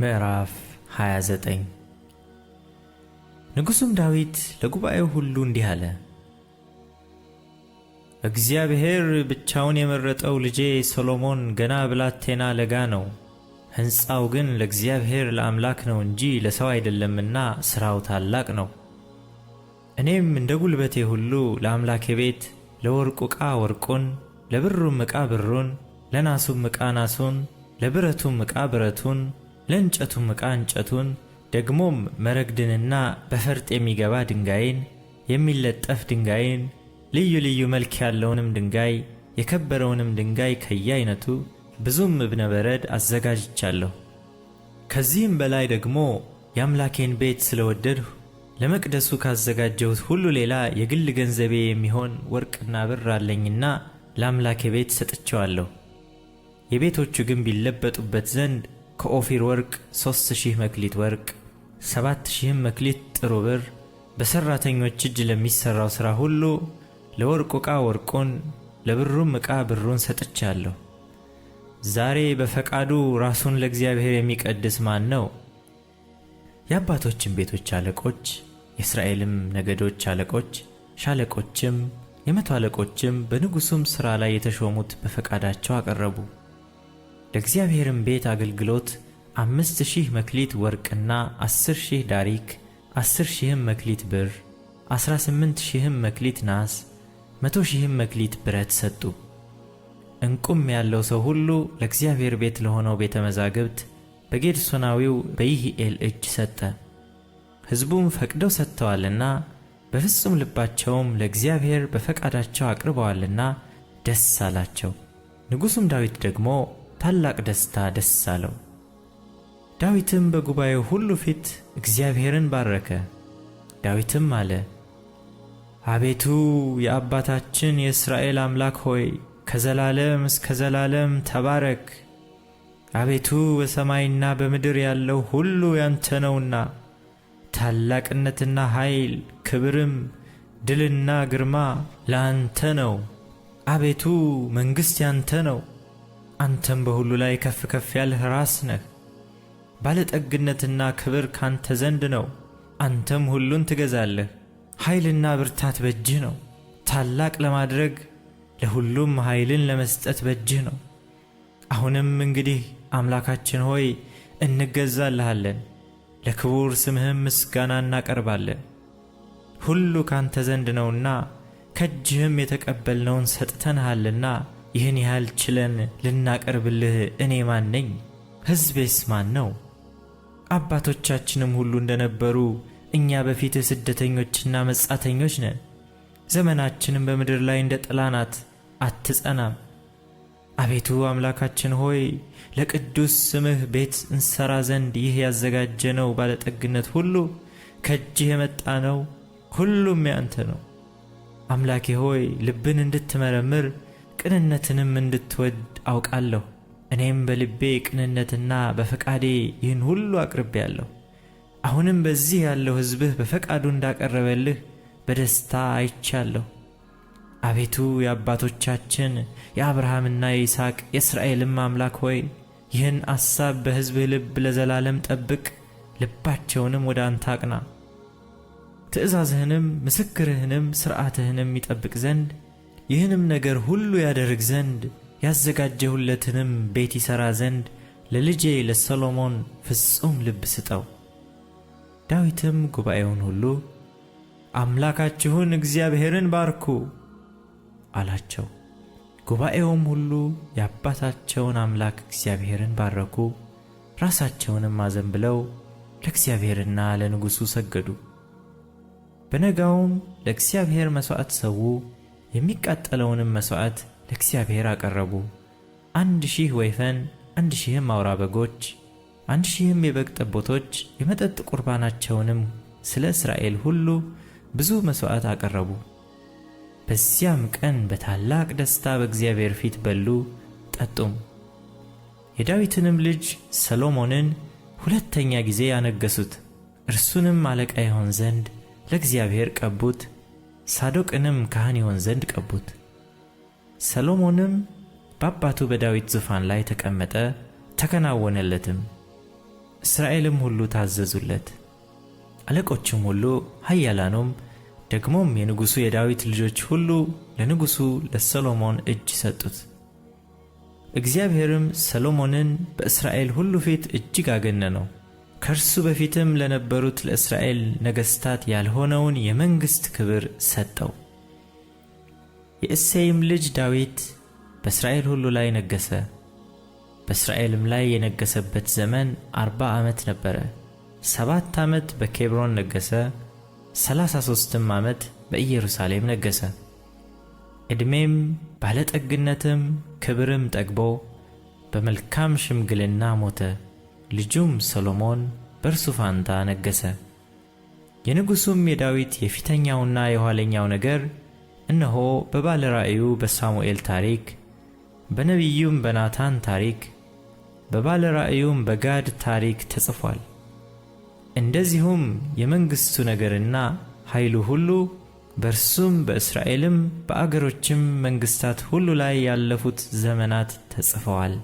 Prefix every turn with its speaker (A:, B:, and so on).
A: ምዕራፍ 29 ንጉሡም ዳዊት ለጉባኤው ሁሉ እንዲህ አለ። እግዚአብሔር ብቻውን የመረጠው ልጄ ሰሎሞን ገና ብላቴና ለጋ ነው። ሕንፃው ግን ለእግዚአብሔር ለአምላክ ነው እንጂ ለሰው አይደለምና ሥራው ታላቅ ነው። እኔም እንደ ጉልበቴ ሁሉ ለአምላኬ ቤት ለወርቁ ዕቃ ወርቁን፣ ለብሩም ዕቃ ብሩን፣ ለናሱም ዕቃ ናሱን፣ ለብረቱም ዕቃ ብረቱን ለእንጨቱም ዕቃ እንጨቱን ደግሞም መረግድንና በፈርጥ የሚገባ ድንጋይን የሚለጠፍ ድንጋይን ልዩ ልዩ መልክ ያለውንም ድንጋይ የከበረውንም ድንጋይ ከየአይነቱ ብዙም እብነ በረድ አዘጋጅቻለሁ። ከዚህም በላይ ደግሞ የአምላኬን ቤት ስለወደድሁ ለመቅደሱ ካዘጋጀሁት ሁሉ ሌላ የግል ገንዘቤ የሚሆን ወርቅና ብር አለኝና ለአምላኬ ቤት ሰጥቼዋለሁ። የቤቶቹ ግንብ ይለበጡበት ዘንድ ከኦፊር ወርቅ ሦስት ሺህ መክሊት ወርቅ ሰባት ሺህም መክሊት ጥሩ ብር በሠራተኞች እጅ ለሚሠራው ሥራ ሁሉ ለወርቁ ዕቃ ወርቁን ለብሩም ዕቃ ብሩን ሰጥቻለሁ። ዛሬ በፈቃዱ ራሱን ለእግዚአብሔር የሚቀድስ ማን ነው? የአባቶችን ቤቶች አለቆች፣ የእስራኤልም ነገዶች አለቆች፣ ሻለቆችም፣ የመቶ አለቆችም በንጉሡም ሥራ ላይ የተሾሙት በፈቃዳቸው አቀረቡ። ለእግዚአብሔርም ቤት አገልግሎት አምስት ሺህ መክሊት ወርቅና አስር ሺህ ዳሪክ፣ አስር ሺህም መክሊት ብር፣ አስራ ስምንት ሺህም መክሊት ናስ፣ መቶ ሺህም መክሊት ብረት ሰጡ። እንቁም ያለው ሰው ሁሉ ለእግዚአብሔር ቤት ለሆነው ቤተ መዛግብት በጌድሶናዊው በይሂኤል እጅ ሰጠ። ሕዝቡም ፈቅደው ሰጥተዋልና በፍጹም ልባቸውም ለእግዚአብሔር በፈቃዳቸው አቅርበዋልና ደስ አላቸው። ንጉሡም ዳዊት ደግሞ ታላቅ ደስታ ደስ አለው። ዳዊትም በጉባኤው ሁሉ ፊት እግዚአብሔርን ባረከ። ዳዊትም አለ፣ አቤቱ የአባታችን የእስራኤል አምላክ ሆይ ከዘላለም እስከ ዘላለም ተባረክ። አቤቱ በሰማይና በምድር ያለው ሁሉ ያንተ ነውና ታላቅነትና ኃይል፣ ክብርም፣ ድልና ግርማ ላንተ ነው። አቤቱ መንግሥት ያንተ ነው። አንተም በሁሉ ላይ ከፍ ከፍ ያልህ ራስ ነህ። ባለጠግነትና ክብር ካንተ ዘንድ ነው። አንተም ሁሉን ትገዛለህ። ኃይልና ብርታት በጅህ ነው። ታላቅ ለማድረግ ለሁሉም ኃይልን ለመስጠት በጅህ ነው። አሁንም እንግዲህ አምላካችን ሆይ እንገዛልሃለን፣ ለክቡር ስምህም ምስጋና እናቀርባለን። ሁሉ ካንተ ዘንድ ነውና ከእጅህም የተቀበልነውን ሰጥተንሃልና ይህን ያህል ችለን ልናቀርብልህ እኔ ማን ነኝ? ሕዝቤስ ማን ነው? አባቶቻችንም ሁሉ እንደነበሩ እኛ በፊትህ ስደተኞችና መጻተኞች ነን። ዘመናችንም በምድር ላይ እንደ ጥላናት አትጸናም። አቤቱ አምላካችን ሆይ ለቅዱስ ስምህ ቤት እንሰራ ዘንድ ይህ ያዘጋጀነው ባለጠግነት ሁሉ ከእጅህ የመጣ ነው፣ ሁሉም ያንተ ነው። አምላኬ ሆይ ልብን እንድትመረምር ቅንነትንም እንድትወድ አውቃለሁ። እኔም በልቤ ቅንነትና በፈቃዴ ይህን ሁሉ አቅርቤያለሁ። አሁንም በዚህ ያለው ሕዝብህ በፈቃዱ እንዳቀረበልህ በደስታ አይቻለሁ። አቤቱ የአባቶቻችን የአብርሃምና የይስሐቅ የእስራኤልም አምላክ ሆይ ይህን አሳብ በሕዝብህ ልብ ለዘላለም ጠብቅ፣ ልባቸውንም ወደ አንተ አቅና። ትእዛዝህንም ምስክርህንም ሥርዓትህንም ይጠብቅ ዘንድ ይህንም ነገር ሁሉ ያደርግ ዘንድ ያዘጋጀሁለትንም ቤት ይሠራ ዘንድ ለልጄ ለሰሎሞን ፍጹም ልብ ስጠው። ዳዊትም ጉባኤውን ሁሉ አምላካችሁን እግዚአብሔርን ባርኩ አላቸው። ጉባኤውም ሁሉ የአባታቸውን አምላክ እግዚአብሔርን ባረኩ፣ ራሳቸውንም አዘንብለው ለእግዚአብሔርና ለንጉሡ ሰገዱ። በነጋውም ለእግዚአብሔር መሥዋዕት ሰዉ። የሚቃጠለውንም መሥዋዕት ለእግዚአብሔር አቀረቡ። አንድ ሺህ ወይፈን፣ አንድ ሺህም አውራ በጎች፣ አንድ ሺህም የበግ ጠቦቶች፣ የመጠጥ ቁርባናቸውንም ስለ እስራኤል ሁሉ ብዙ መሥዋዕት አቀረቡ። በዚያም ቀን በታላቅ ደስታ በእግዚአብሔር ፊት በሉ ጠጡም። የዳዊትንም ልጅ ሰሎሞንን ሁለተኛ ጊዜ ያነገሱት፣ እርሱንም አለቃ ይሆን ዘንድ ለእግዚአብሔር ቀቡት። ሳዶቅንም ካህን ይሆን ዘንድ ቀቡት። ሰሎሞንም በአባቱ በዳዊት ዙፋን ላይ ተቀመጠ፣ ተከናወነለትም። እስራኤልም ሁሉ ታዘዙለት፣ አለቆችም ሁሉ ኃያላኑም፣ ደግሞም የንጉሡ የዳዊት ልጆች ሁሉ ለንጉሡ ለሰሎሞን እጅ ሰጡት። እግዚአብሔርም ሰሎሞንን በእስራኤል ሁሉ ፊት እጅግ አገነነው። ከእርሱ በፊትም ለነበሩት ለእስራኤል ነገሥታት ያልሆነውን የመንግሥት ክብር ሰጠው። የእሴይም ልጅ ዳዊት በእስራኤል ሁሉ ላይ ነገሠ። በእስራኤልም ላይ የነገሠበት ዘመን አርባ ዓመት ነበረ። ሰባት ዓመት በኬብሮን ነገሠ፣ ሠላሳ ሦስትም ዓመት በኢየሩሳሌም ነገሠ። ዕድሜም ባለጠግነትም ክብርም ጠግቦ በመልካም ሽምግልና ሞተ። ልጁም ሰሎሞን በእርሱ ፋንታ ነገሠ። የንጉሡም የዳዊት የፊተኛውና የኋለኛው ነገር እነሆ በባለ ራእዩ በሳሙኤል ታሪክ፣ በነቢዩም በናታን ታሪክ፣ በባለ ራእዩም በጋድ ታሪክ ተጽፏል። እንደዚሁም የመንግሥቱ ነገርና ኃይሉ ሁሉ በእርሱም በእስራኤልም በአገሮችም መንግሥታት ሁሉ ላይ ያለፉት ዘመናት ተጽፈዋል።